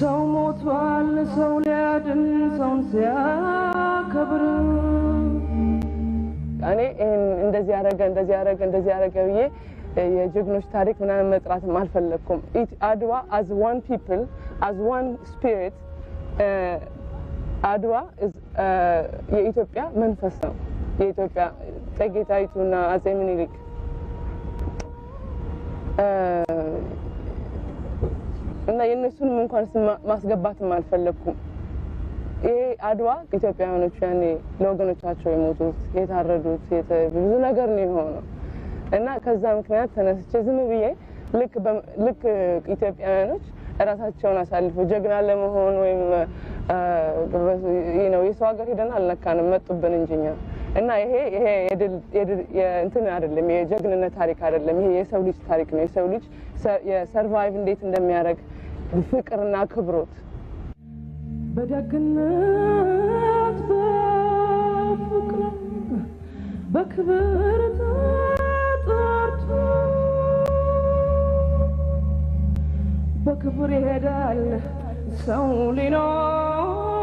ሰው ሞቷል ሰው ሊያድን ሰውን ሲያከብር እኔ እንደዚህ ያደረገ እንደዚህ ያደረገ እንደዚህ ያደረገ ብዬ የጀግኖች ታሪክ ምናምን መጥራትም አልፈለግኩም። አድዋ አዝ ዋን ፒፕል አዝ ዋን ስፒሪት አድዋ የኢትዮጵያ መንፈስ ነው። የኢትዮጵያ እቴጌ ጣይቱና አፄ ምኒልክ እና የእነሱንም እንኳን ማስገባትም አልፈለግኩም። ይሄ አድዋ ኢትዮጵያውያኖቹ ያኔ ለወገኖቻቸው የሞቱት የታረዱት ብዙ ነገር ነው የሆነው እና ከዛ ምክንያት ተነስቼ ዝም ብዬ ልክ ኢትዮጵያውያኖች እራሳቸውን አሳልፈው ጀግና ለመሆን ወይም የሰው ሀገር ሄደን አልነካንም፣ መጡብን እንጂ እኛ እና ይሄ ይሄ እንትን አይደለም፣ የጀግንነት ታሪክ አይደለም። ይሄ የሰው ልጅ ታሪክ ነው። የሰው ልጅ የሰርቫይቭ እንዴት እንደሚያደርግ بفكرنا كبروت بدكنا بفكر بكبرنا طارتو بكبر هدال سولي